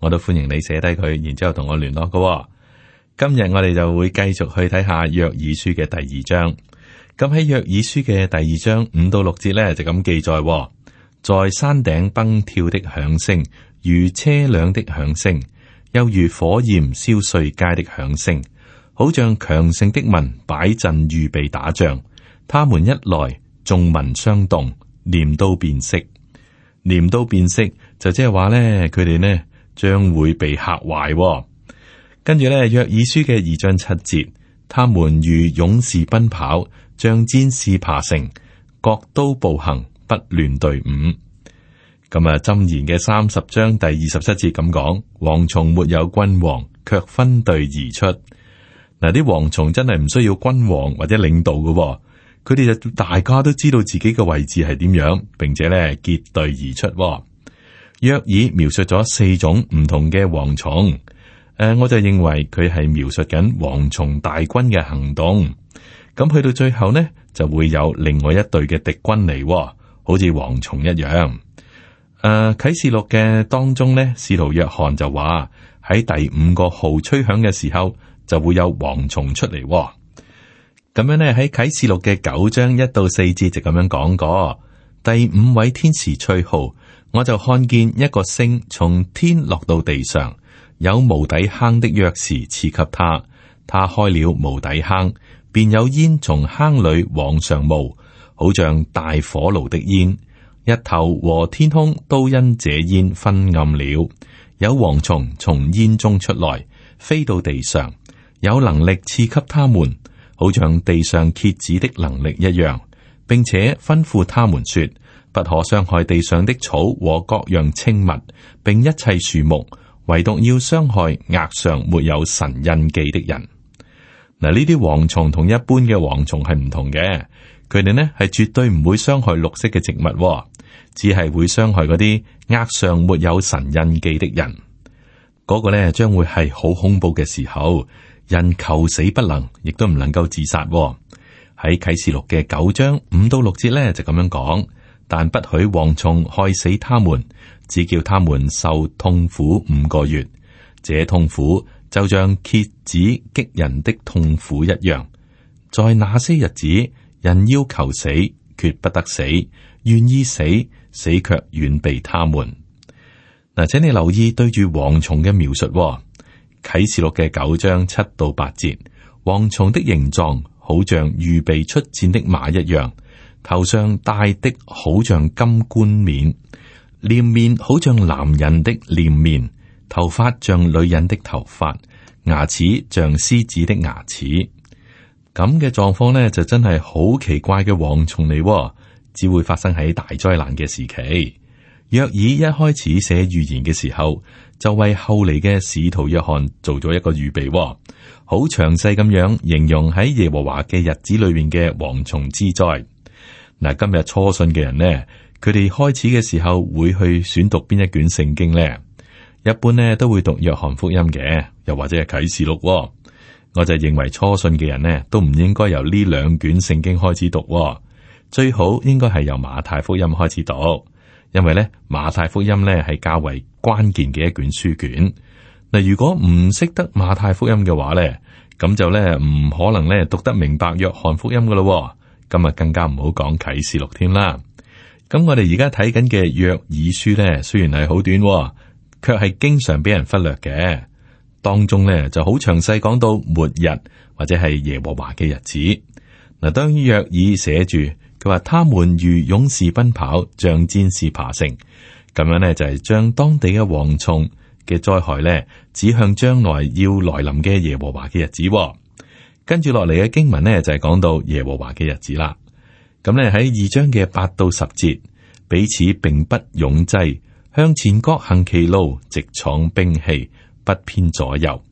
我都歡迎你寫低佢，然之後同我聯絡嘅、哦。今日我哋就會繼續去睇下《約珥書》嘅第二章。咁喺《約珥書》嘅第二章五到六節咧，就咁記載、哦：在山頂蹦跳的響聲，如車輛的響聲，又如火焰燒碎秸的響聲，好像強盛的民擺陣預備打仗。他們一來，眾民傷慟，臉都變色，臉都變色就即係話咧，佢哋呢。將會被嚇壞、哦，跟住呢，約珥書嘅二章七節，他們如勇士奔跑，像戰士爬城，各都步行，不亂隊伍。咁啊，箴言嘅三十章第二十七節咁講，蝗蟲沒有君王，卻分隊而出。嗱，啲蝗蟲真係唔需要君王或者領導噶、哦，佢哋就大家都知道自己嘅位置係點樣，並且呢結隊而出、哦。約珥描述咗四種唔同嘅蝗蟲，誒、呃，我就認為佢係描述緊蝗蟲大軍嘅行動。咁去到最後呢，就會有另外一隊嘅敵軍嚟、哦，好似蝗蟲一樣。誒、呃，啟示錄嘅當中呢，使徒約翰就話喺第五個號吹響嘅時候，就會有蝗蟲出嚟、哦。咁樣呢，喺啟示錄嘅九章一到四節就咁樣講過，第五位天使吹號。我就看見一個星從天落到地上，有無底坑的鑰匙賜給他，他開了無底坑，便有煙從坑裏往上冒，好像大火爐的煙，一頭和天空都因這煙昏暗了。有蝗蟲從煙中出來，飛到地上，有能力賜給他們，好像地上蠍子的能力一樣，並且吩咐他們說。不可傷害地上的草和各樣青物，并一切樹木，唯獨要傷害額上沒有神印記的人。嗱，呢啲蝗蟲同一般嘅蝗蟲係唔同嘅，佢哋呢係絕對唔會傷害綠色嘅植物，只係會傷害嗰啲額上沒有神印記的人。嗰個呢將會係好恐怖嘅時候，人求死不能，亦都唔能夠自殺。喺啟示錄嘅九章五到六節呢就咁樣講。但不許蝗蟲害死他們，只叫他們受痛苦五個月。這痛苦就像蠍子擊人的痛苦一樣。在那些日子，人要求死，決不得死；願意死，死卻遠避他們。嗱，請你留意對住蝗蟲嘅描述，哦，《啟示錄》嘅九章七到八節，蝗蟲的形狀好像預備出戰的馬一樣。頭上戴的好像金冠冕，臉面好像男人的臉面，頭髮像女人的頭髮，牙齒像獅子的牙齒。咁嘅狀況呢，就真係好奇怪嘅蝗蟲嚟，只會發生喺大災難嘅時期。約珥一開始寫預言嘅時候，就為後嚟嘅使徒約翰做咗一個預備，好詳細咁樣形容喺耶和華嘅日子裏面嘅蝗蟲之災。嗱，今日初信嘅人呢，佢哋開始嘅時候會去選讀邊一卷聖經呢？一般呢都會讀約翰福音嘅，又或者係啟示錄喎。我就認為初信嘅人呢都唔應該由呢兩卷聖經開始讀喎，最好應該係由馬太福音開始讀，因為呢馬太福音呢係較為關鍵嘅一卷書卷。嗱，如果唔識得馬太福音嘅話呢，咁就咧唔可能咧讀得明白約翰福音㗎咯。今日更加唔好講啟示錄添啦。咁我哋而家睇緊嘅約珥書咧，雖然係好短，卻係經常俾人忽略嘅。當中咧就好詳細講到末日或者係耶和華嘅日子。嗱，當約珥寫住佢話，他們如勇士奔跑，像戰士爬城，咁樣咧就係將當地嘅蝗蟲嘅災害，咧指向將來要來臨嘅耶和華嘅日子。跟住落嚟嘅經文咧，就係講到耶和華嘅日子啦。咁咧喺二章嘅八到十節，彼此並不擁擠，向前各行其路，直闖兵器，不偏左右。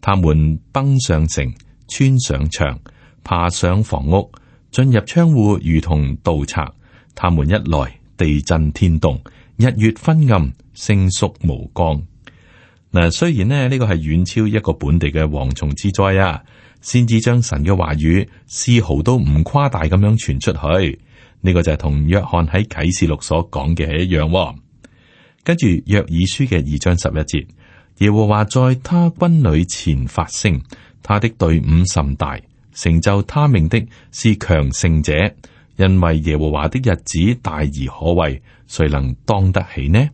他們蹦上城，穿上牆，爬上房屋，進入窗戶，如同盜賊。他們一來，地震天動，日月昏暗，星宿無光。嗱，雖然咧呢個係遠超一個本地嘅蝗蟲之災啊，先知將神嘅話語絲毫都唔誇大咁樣傳出去。呢、這個就係同約翰喺啟示錄所講嘅一樣。跟住約珥書嘅二章十一節，耶和華在他軍旅前發聲，他的隊伍甚大，成就他命的是強盛者，因為耶和華的日子大而可畏，誰能當得起呢？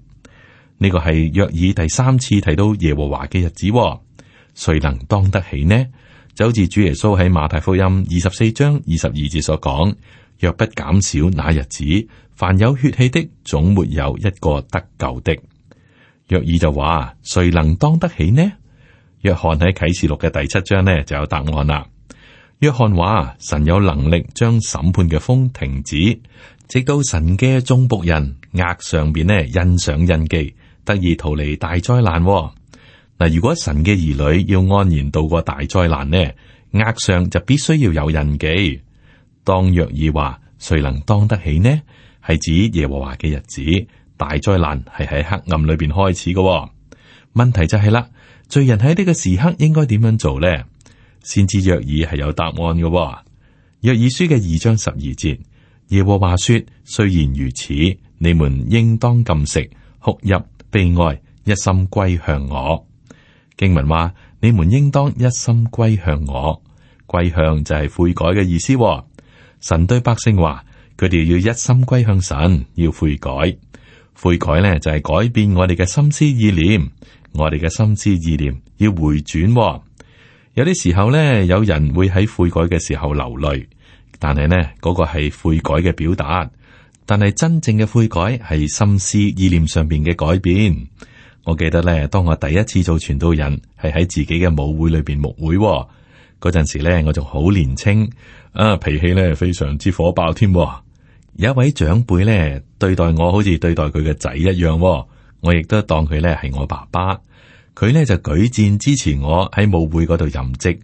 呢個係約爾第三次提到耶和華嘅日子、哦，誰能當得起呢？就好似主耶穌喺馬太福音二十四章二十二節所講：，若不減少那日子，凡有血氣的總沒有一個得救的。約爾就話：，誰能當得起呢？約翰喺啟示錄嘅第七章呢就有答案啦。約翰話：，神有能力將審判嘅風停止，直到神嘅眾僕人額上邊呢印上印記。得以逃離大災難嗱、哦。如果神嘅兒女要安然度過大災難呢，額上就必須要有印記。當約珥話，誰能當得起呢？係指耶和華嘅日子，大災難係喺黑暗裏邊開始嘅、哦。問題就係、是、啦，罪人喺呢個時刻應該點樣做呢？先知約珥係有答案嘅、哦。約珥書嘅二章十二節，耶和華說：雖然如此，你們應當禁食哭泣，悲哀，一心歸向我。經文話：你們應當一心歸向我。歸向就係悔改嘅意思。神對百姓話：佢哋要一心歸向神，要悔改。悔改呢，就係改變我哋嘅心思意念。我哋嘅心思意念要回轉。有啲時候呢，有人會喺悔改嘅時候流淚，但係呢，嗰個係悔改嘅表達。但係真正嘅悔改係心思意念上邊嘅改變。我記得咧，當我第一次做傳道人，係喺自己嘅母會裏邊牧會嗰、哦、陣時咧，我仲好年輕啊，脾氣咧非常之火爆添。有一位長輩咧，對待我好似對待佢嘅仔一樣，哦，我亦都當佢咧係我爸爸。佢咧就舉薦支持我喺母會嗰度任職。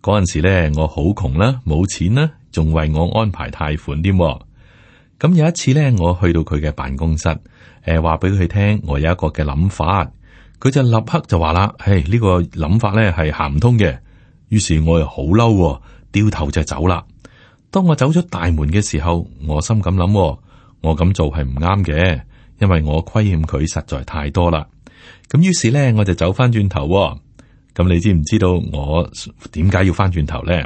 嗰陣時咧，我好窮啦，啊，冇錢啦，啊，仲為我安排貸款添。咁有一次咧，我去到佢嘅辦公室，誒、呃，話俾佢聽，我有一個嘅諗法，佢就立刻就話啦，誒，呢個諗法咧係行唔通嘅。於是我又好嬲，掉頭就走啦。當我走出大門嘅時候，我心咁諗，我咁做係唔啱嘅，因為我虧欠佢實在太多啦。咁於是咧，我就走翻轉頭。咁你知唔知道我點解要翻轉頭咧？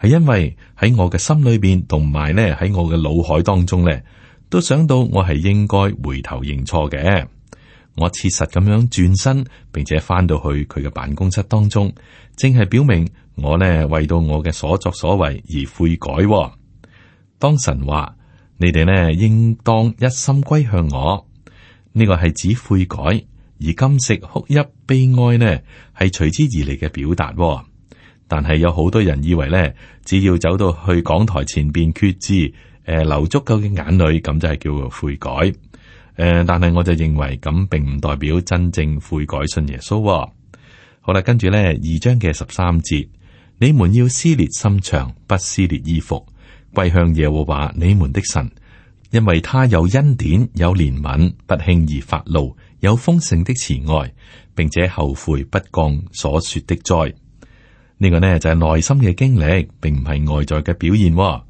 係因為喺我嘅心裏邊，同埋咧喺我嘅腦海當中咧，都想到我係應該回頭認錯嘅。我切實咁樣轉身，並且翻到去佢嘅辦公室當中，正係表明我呢為到我嘅所作所為而悔改、哦。當神話你哋呢應當一心歸向我，呢、這個係指悔改，而禁食哭泣悲哀呢，係隨之而嚟嘅表達、哦。但係有好多人以為呢，只要走到去講台前邊決志，誒、呃、流足夠嘅眼淚，咁就係叫做悔改。誒、呃，但係我就認為咁並唔代表真正悔改信耶穌、哦。好啦，跟住呢，二章嘅十三節，你們要撕裂心腸，不撕裂衣服，歸向耶和華你們的神，因為他有恩典，有憐憫，不輕易發怒，有豐盛的慈愛，並且後悔不降所說的災。呢個呢就係內心嘅經歷，並唔係外在嘅表現、哦。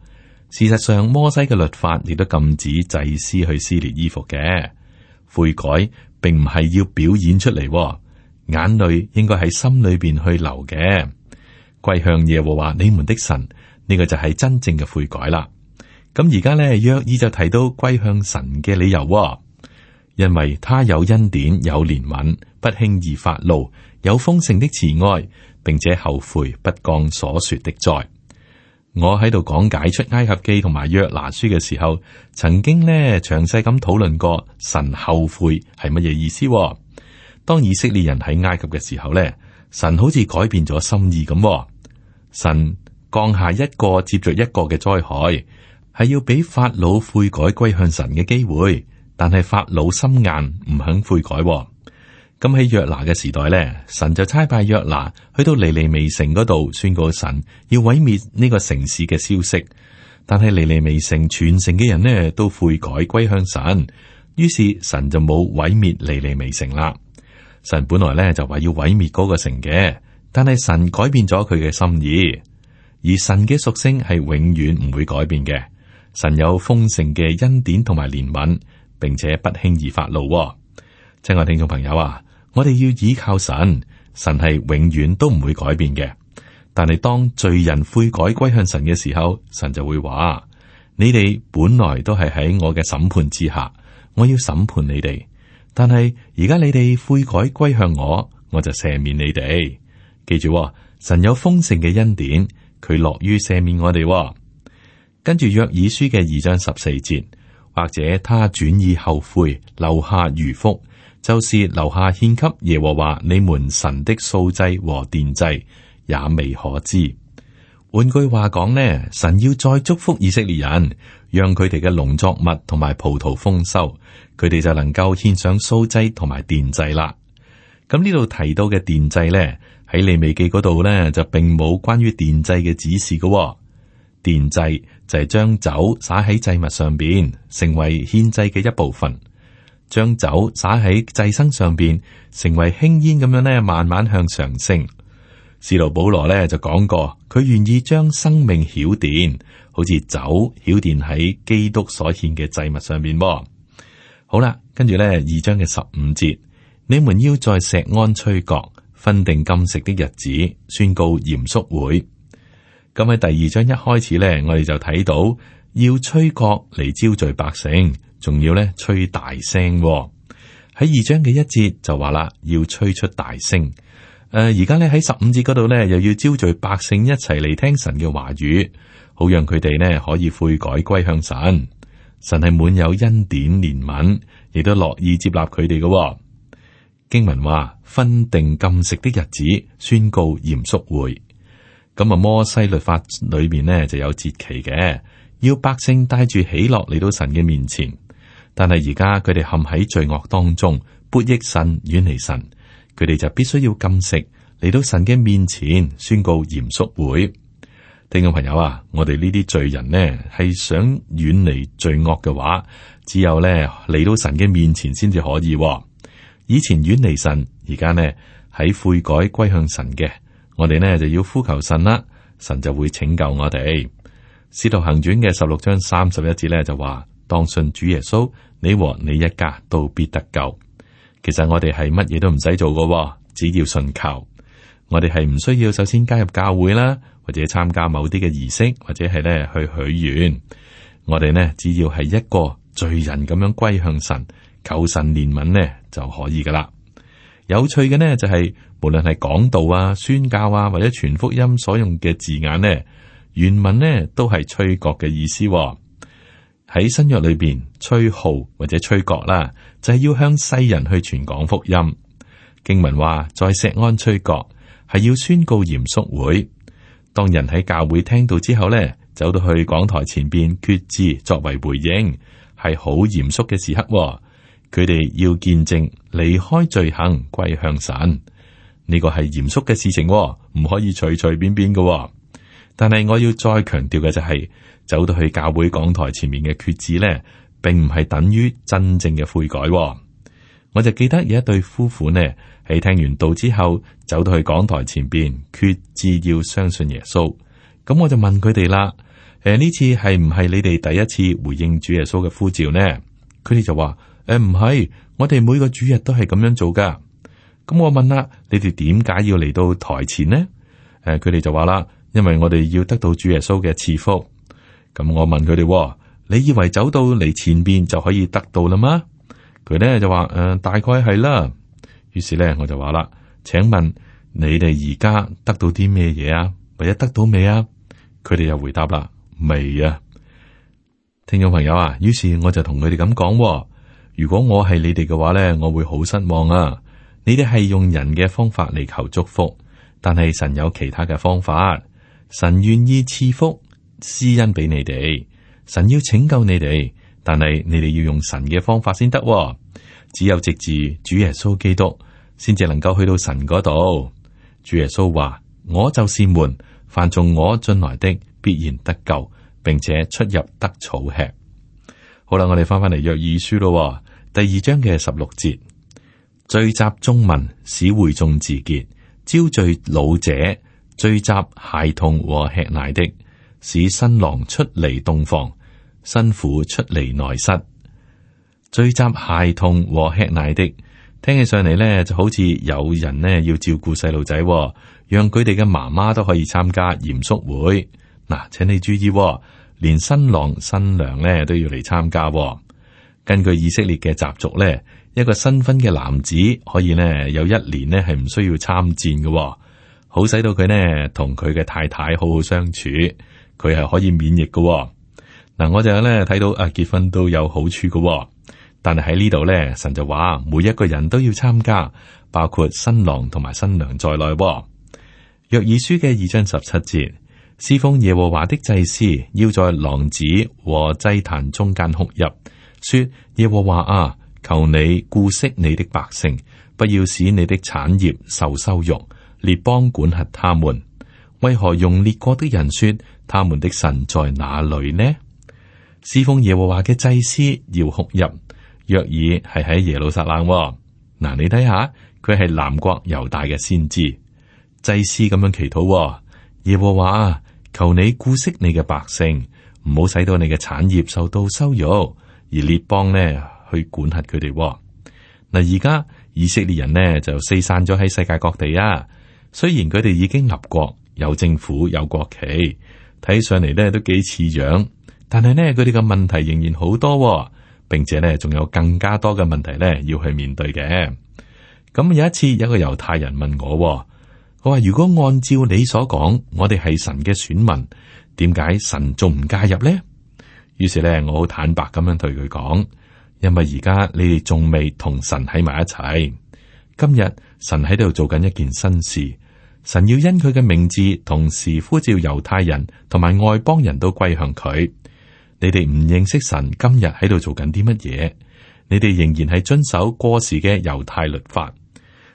事實上，摩西嘅律法亦都禁止祭司去撕裂衣服嘅悔改，並唔係要表演出嚟、哦，眼淚應該喺心裏邊去流嘅。歸向耶和華你們的神呢、呢個就係真正嘅悔改啦。咁而家呢，約珥就提到歸向神嘅理由、哦，因為他有恩典，有憐憫，不輕易發怒，有豐盛的慈愛。並且後悔，不降所說的災，我喺度講解出埃及記同埋約拿書嘅時候，曾經咧詳細咁討論過神後悔係乜嘢意思。當以色列人喺埃及嘅時候咧，神好似改變咗心意咁，神降下一個接着一個嘅災害，係要俾法老悔改歸向神嘅機會，但係法老心硬唔肯悔改。咁喺約拿嘅時代咧，神就差派約拿去到尼尼微城嗰度，宣告神要毀滅呢個城市嘅消息。但係尼尼微城，全城嘅人呢都悔改歸向神，於是神就冇毀滅尼尼微城啦。神本來咧就話要毀滅嗰個城嘅，但係神改變咗佢嘅心意。而神嘅屬性係永遠唔會改變嘅。神有豐盛嘅恩典同埋憐憫，並且不輕易發怒、哦。親愛聽眾朋友啊！我哋要倚靠神，神係永遠都唔會改變嘅。但係當罪人悔改歸向神嘅時候，神就會話：你哋本來都係喺我嘅審判之下，我要審判你哋。但係而家你哋悔改歸向我，我就赦免你哋。記住、哦，神有豐盛嘅恩典，佢樂於赦免我哋、哦。跟住約珥書嘅二章十四節，或者他轉意後悔，留下餘福。就是留下獻給耶和華你們神的素祭和奠祭，也未可知。換句話講呢，神要再祝福以色列人，讓佢哋嘅農作物同埋葡萄豐收，佢哋就能夠獻上素祭同埋奠祭啦。咁呢度提到嘅奠祭呢，喺利未記嗰度呢，就並冇關於奠祭嘅指示嘅，哦。奠祭就係將酒灑喺祭物上邊，成為獻祭嘅一部分。將酒灑喺祭牲上邊，成為輕煙咁樣咧，慢慢向上升。使徒保羅呢就講過，佢願意將生命曉奠，好似酒曉奠喺基督所獻嘅祭物上面噃。好啦，跟住呢二章嘅十五節，你們要在錫安吹角、分定禁食的日子宣告嚴肅會。咁喺第二章一開始呢，我哋就睇到要吹角嚟招聚百姓。仲要咧，吹大聲喺、哦、二章嘅一節就話啦，要吹出大聲。誒、呃，而家咧喺十五節嗰度咧，又要召聚百姓一齊嚟聽神嘅話語，好讓佢哋呢可以悔改歸向神。神係滿有恩典憐憫，亦都樂意接納佢哋嘅。經文話，分定禁食的日子，宣告嚴肅會咁啊。摩西律法裏面呢，就有節期嘅，要百姓帶住喜樂嚟到神嘅面前。但係而家佢哋陷喺罪惡當中，悖逆神遠離神，佢哋就必須要禁食嚟，到神嘅面前宣告嚴肅會。聽眾朋友啊，我哋呢啲罪人呢係想遠離罪惡嘅話，只有呢，嚟到神嘅面前先至可以、哦。以前遠離神，而家呢喺悔改歸向神嘅，我哋呢就要呼求神啦，神就會拯救我哋。使徒行傳嘅十六章三十一節呢就話，當信主耶穌。你和你一家都必得救。其實我哋係乜嘢都唔使做嘅，只要信靠。我哋係唔需要首先加入教會啦，或者參加某啲嘅儀式，或者係咧去許願。我哋呢，只要係一個罪人咁樣歸向神，求神憐憫呢就可以噶啦。有趣嘅呢、就係，就係無論係講道啊、宣教啊，或者傳福音所用嘅字眼呢，原文呢都係吹角嘅意思。喺新約裏邊，吹號或者吹角啦，就係、是、要向世人去傳講福音。經文話在錫安吹角，係要宣告嚴肅會。當人喺教會聽到之後呢，走到去講台前邊決志作為回應，係好嚴肅嘅時刻、哦。佢哋要見證離開罪行歸向神，呢個係嚴肅嘅事情、哦，唔可以隨隨便便㗎、哦。但係我要再強調嘅就係、是，走到去教會講台前面嘅決志咧，並唔係等於真正嘅悔改、哦。我就記得有一對夫婦呢，喺聽完道之後，走到去講台前邊，決志要相信耶穌。咁我就問佢哋啦，誒、呃、呢次係唔係你哋第一次回應主耶穌嘅呼召呢？佢哋就話，誒唔係，我哋每個主日都係咁樣做噶。咁我問啦，你哋點解要嚟到台前呢？誒佢哋就話啦。因為我哋要得到主耶穌嘅賜福，咁我問佢哋，哦：你以為走到嚟前邊就可以得到啦嗎？佢咧就話：誒、呃，大概係啦。於是咧，我就話啦：請問你哋而家得到啲咩嘢啊？或者得到未啊？佢哋又回答啦：未啊。聽眾朋友啊，於是我就同佢哋咁講：如果我係你哋嘅話咧，我會好失望啊！你哋係用人嘅方法嚟求祝福，但係神有其他嘅方法。神願意賜福施恩俾你哋，神要拯救你哋，但係你哋要用神嘅方法先得，只有直至主耶穌基督，先至能夠去到神嗰度。主耶穌話：我就是門，凡從我進來的，必然得救，並且出入得草吃。好啦，我哋翻翻嚟約珥書咯，第二章嘅十六節，聚集眾民，使會眾自潔，招聚老者。聚集孩童和吃奶的，使新郎出嚟洞房，新婦出嚟內室。聚集孩童和吃奶的，聽起上嚟呢就好似有人呢要照顧細路仔，讓佢哋嘅媽媽都可以參加嚴肅會。嗱，請你注意，連新郎新娘呢都要嚟參加。根據以色列嘅習俗呢，一個新婚嘅男子可以呢有一年呢係唔需要參戰嘅。好使到佢呢同佢嘅太太好好相處。佢係可以免疫嘅嗱、哦啊。我就咧睇到啊，結婚都有好處嘅、哦。但係喺呢度咧，神就話每一個人都要參加，包括新郎同埋新娘在內、哦。約珥書嘅二章十七節，侍奉耶和華的祭司要在廊子和祭壇中間哭泣，說：耶和華啊，求你顧惜你的百姓，不要使你的產業受羞辱。列邦管轄他們，為何用列國的人說他們的神在哪裏呢？侍奉耶和華嘅祭司要哭泣，約珥係喺耶路撒冷嗱、哦啊。你睇下佢係南國猶大嘅先知祭司咁樣祈禱、哦、耶和華，求你顧惜你嘅百姓，唔好使到你嘅產業受到羞辱。而列邦呢去管轄佢哋嗱。而、啊、家以色列人呢就四散咗喺世界各地啊。雖然佢哋已經立國，有政府，有國旗，睇上嚟咧都幾似樣，但係咧佢哋嘅問題仍然好多，哦，並且咧仲有更加多嘅問題咧要去面對嘅。咁有一次，有個猶太人問我，哦，佢話如果按照你所講，我哋係神嘅選民，點解神仲唔介入呢？於是咧，我好坦白咁樣對佢講，因為而家你哋仲未同神喺埋一齊。今日神喺度做緊一件新事，神要因佢嘅名字同時呼召猶太人同埋外邦人都歸向佢。你哋唔認識神，今日喺度做緊啲乜嘢？你哋仍然係遵守過時嘅猶太律法。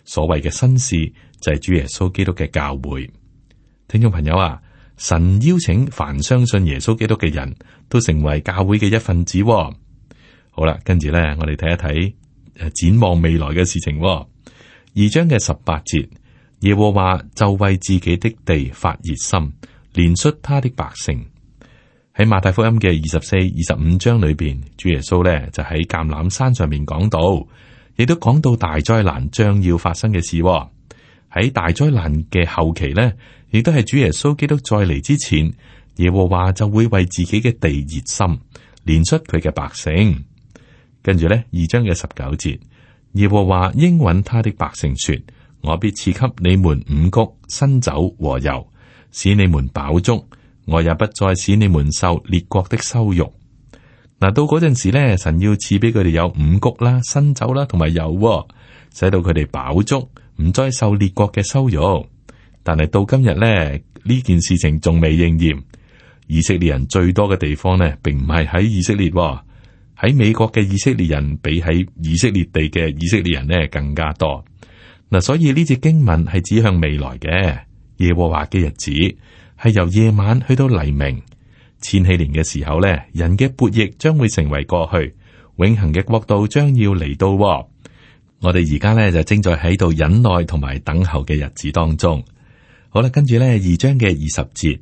所謂嘅新事就係主耶穌基督嘅教會。聽眾朋友啊，神邀請凡相信耶穌基督嘅人都成為教會嘅一份子。好啦，跟住咧，我哋睇一睇展望未來嘅事情。二章嘅十八節，耶和華就為自己的地發熱心，憐恤他的百姓。喺馬太福音嘅二十四、二十五章裏邊，主耶穌咧就喺橄欖山上面講到，亦都講到大災難將要發生嘅事，哦。喺大災難嘅後期咧，亦都係主耶穌基督再嚟之前，耶和華就會為自己嘅地熱心，憐恤佢嘅百姓。跟住咧，二章嘅十九節。耶和華應允他的百姓說：我必賜給你們五穀、新酒和油，使你們飽足。我也不再使你們受列國的羞辱。嗱，到嗰陣時咧，神要賜俾佢哋有五穀啦、新酒啦，同埋油，使到佢哋飽足，唔再受列國嘅羞辱。但係到今日咧，呢件事情仲未應驗。以色列人最多嘅地方咧，並唔係喺以色列。喺美國嘅以色列人比喺以色列地嘅以色列人呢更加多嗱，所以呢節經文係指向未來嘅耶和華嘅日子，係由夜晚去到黎明，千禧年嘅時候呢，人嘅叛逆將會成為過去，永恒嘅國度將要嚟到。我哋而家呢，就正在喺度忍耐同埋等候嘅日子當中。好啦，跟住呢，二章嘅二十節，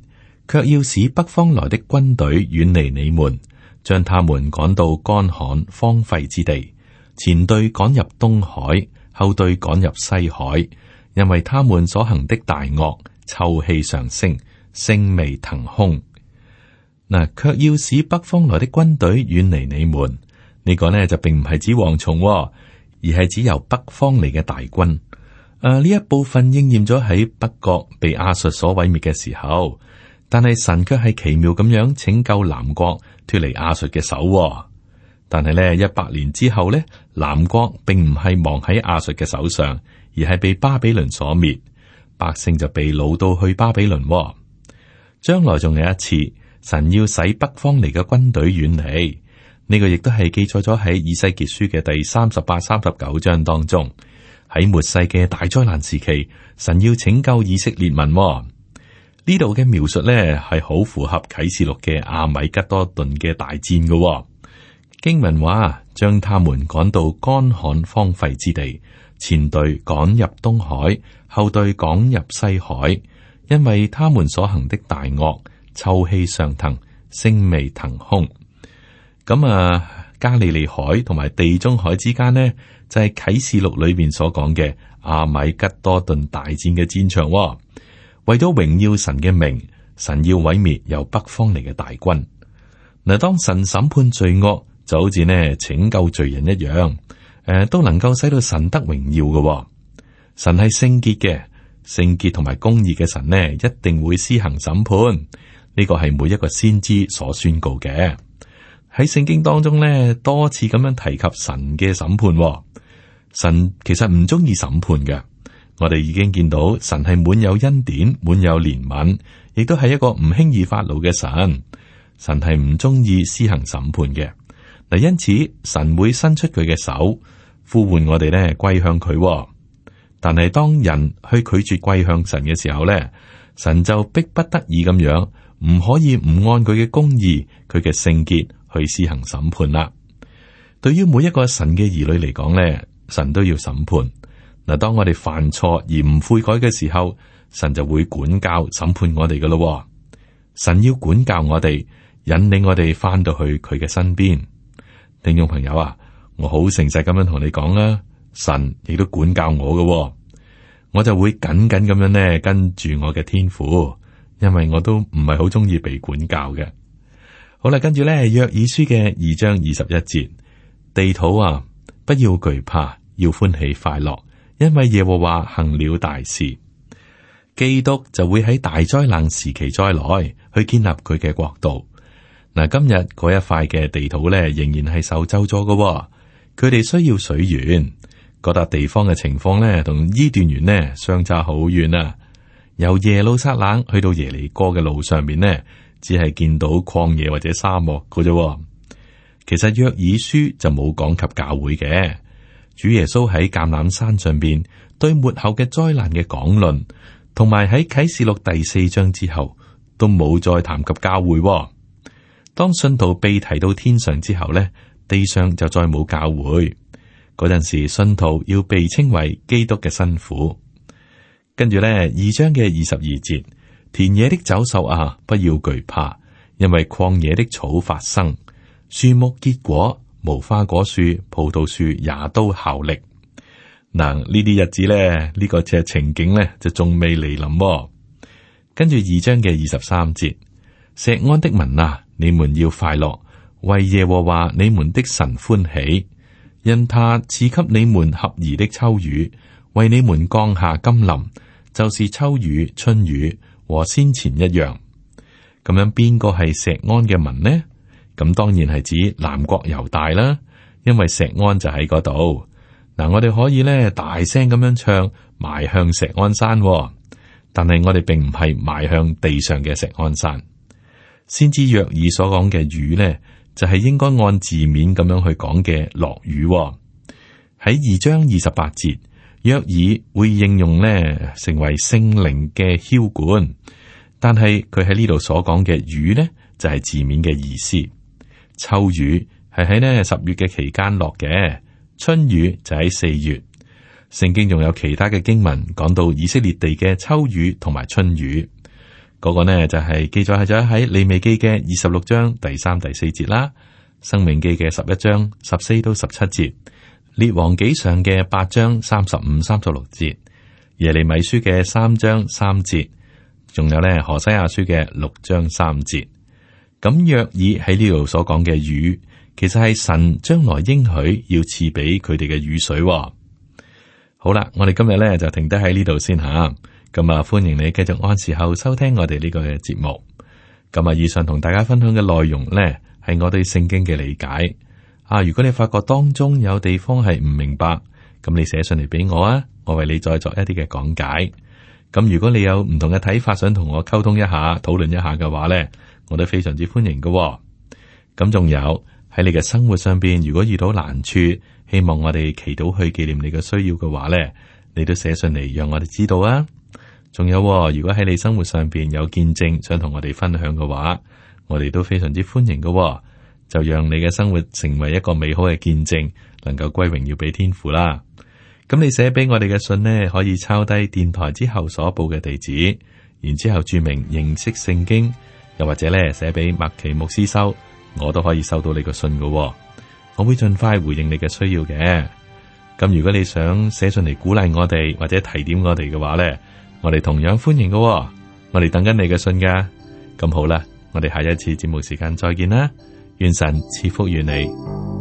卻要使北方來的軍隊遠離你們。將他們趕到乾旱荒廢之地，前隊趕入東海，後隊趕入西海，因為他們所行的大惡，臭氣上升，腥味騰空。嗱、呃，卻要使北方來的軍隊遠離你們。呢、這個呢，就並唔係指蝗蟲、哦，而係指由北方嚟嘅大軍。誒、呃，呢一部分應驗咗喺北國被亞述所毀滅嘅時候，但係神卻係奇妙咁樣拯救南國。脫離亞述嘅手，哦，但係咧一百年之後呢，南國並唔係亡喺亞述嘅手上，而係被巴比倫所滅，百姓就被擄到去巴比倫，哦。將來仲有一次，神要使北方嚟嘅軍隊遠離，呢，這個亦都係記載咗喺以西結書嘅第三十八、三十九章當中。喺末世嘅大災難時期，神要拯救以色列民，哦。呢度嘅描述呢，係好符合啟示錄嘅阿米吉多頓嘅大戰嘅哦。經文話啊，將他們趕到乾旱荒廢之地，前隊趕入東海，後隊趕入西海，因為他們所行的大惡，臭氣上騰，腥味騰空。咁啊，加利利海同埋地中海之間呢，就係、是、啟示錄裏面所講嘅阿米吉多頓大戰嘅戰場哦。為咗榮耀神嘅名，神要毀滅由北方嚟嘅大軍。嗱，當神審判罪惡，就好似呢拯救罪人一樣，誒都能夠使到神得榮耀嘅。神係聖潔嘅，聖潔同埋公義嘅神呢，一定會施行審判。呢個係每一個先知所宣告嘅。喺聖經當中呢，多次咁樣提及神嘅審判。神其實唔中意審判嘅。我哋已經見到神係滿有恩典、滿有憐憫，亦都係一個唔輕易發怒嘅神。神係唔中意施行審判嘅，嗱，因此神會伸出佢嘅手，呼喚我哋咧歸向佢喎。但係當人去拒絕歸向神嘅時候咧，神就逼不得已咁樣，唔可以唔按佢嘅公義、佢嘅聖潔去施行審判啦。對於每一個神嘅兒女嚟講咧，神都要審判。嗱，當我哋犯錯而唔悔改嘅時候，神就會管教審判我哋噶咯。神要管教我哋，引領我哋翻到去佢嘅身邊。聽眾朋友啊，我好誠實咁樣同你講啦，神亦都管教我噶，我就會緊緊咁樣呢跟住我嘅天父，因為我都唔係好中意被管教嘅。好啦，跟住咧，約珥書嘅二章二十一節，地土啊，不要懼怕，要歡喜快樂。因為耶和華行了大事，基督就會喺大災難時期再來去建立佢嘅國度。嗱，今日嗰一塊嘅地土咧，仍然係受咒咗嘅，佢哋需要水源。嗰笪地方嘅情況咧，同伊甸園呢相差好遠啊！由耶路撒冷去到耶利哥嘅路上面呢，只係見到曠野或者沙漠嘅啫。其實約珥書就冇講及教會嘅。主耶穌喺橄欖山上邊對末後嘅災難嘅講論，同埋喺啟示錄第四章之後，都冇再談及教會。當信徒被提到天上之後咧，地上就再冇教會。嗰陣時，信徒要被稱為基督嘅新婦。跟住咧，二章嘅二十二節，田野的走獸啊，不要懼怕，因為曠野的草發生，樹木結果。無花果樹、葡萄樹也都效力。嗱，呢啲日子咧，呢、這個只情景咧就仲未嚟臨、哦。跟住二章嘅二十三節，錫安的民啊，你們要快樂，為耶和華你們的神歡喜，因他賜給你們合宜的秋雨，為你們降下甘霖，就是秋雨、春雨和先前一樣。咁樣邊個係錫安嘅民呢？咁當然係指南國猶大啦，因為錫安就喺嗰度嗱。我哋可以咧大聲咁樣唱埋向錫安山，但係我哋並唔係埋向地上嘅錫安山。先知約珥所講嘅雨咧，就係、是、應該按字面咁樣去講嘅落雨喺二章二十八節，約珥會應用咧成為聖靈嘅澆灌，但係佢喺呢度所講嘅雨咧就係字面嘅意思。秋雨係喺呢十月嘅期間落嘅，春雨就喺四月。聖經仲有其他嘅經文講到以色列地嘅秋雨同埋春雨，嗰、嗰個呢就係記載喺咗喺利未記嘅二十六章第三、第四節啦，生命記嘅十一章十四到十七節，列王紀上嘅八章三十五、三十六節，耶利米書嘅三章三節，仲有呢何西亞書嘅六章三節。咁約珥喺呢度所講嘅雨，其實係神將來應許要賜俾佢哋嘅雨水哦。好啦，我哋今日咧就停低喺呢度先吓。咁啊，歡迎你繼續按時候收聽我哋呢個嘅節目。咁啊，以上同大家分享嘅內容呢，係我對聖經嘅理解啊。如果你發覺當中有地方係唔明白，咁你寫上嚟俾我啊，我為你再作一啲嘅講解。咁、啊、如果你有唔同嘅睇法，想同我溝通一下，討論一下嘅話呢。我都非常之歡迎嘅、哦。咁仲有喺你嘅生活上邊，如果遇到難處，希望我哋祈禱去紀念你嘅需要嘅話呢，你都寫信嚟，讓我哋知道啊。仲有，如果喺你生活上邊有見證，想同我哋分享嘅話，我哋都非常之歡迎嘅、哦。就讓你嘅生活成為一個美好嘅見證，能夠歸榮耀俾天父啦。咁你寫俾我哋嘅信呢，可以抄低電台之後所報嘅地址，然之後注明認識聖經。又或者咧，寫俾麥奇牧師收，我都可以收到你個信噶喎，我會盡快回應你嘅需要嘅。咁如果你想寫信嚟鼓勵我哋或者提點我哋嘅話咧，我哋同樣歡迎噶喎，我哋等緊你嘅信噶。咁好啦，我哋下一次節目時間再見啦，願神賜福與你。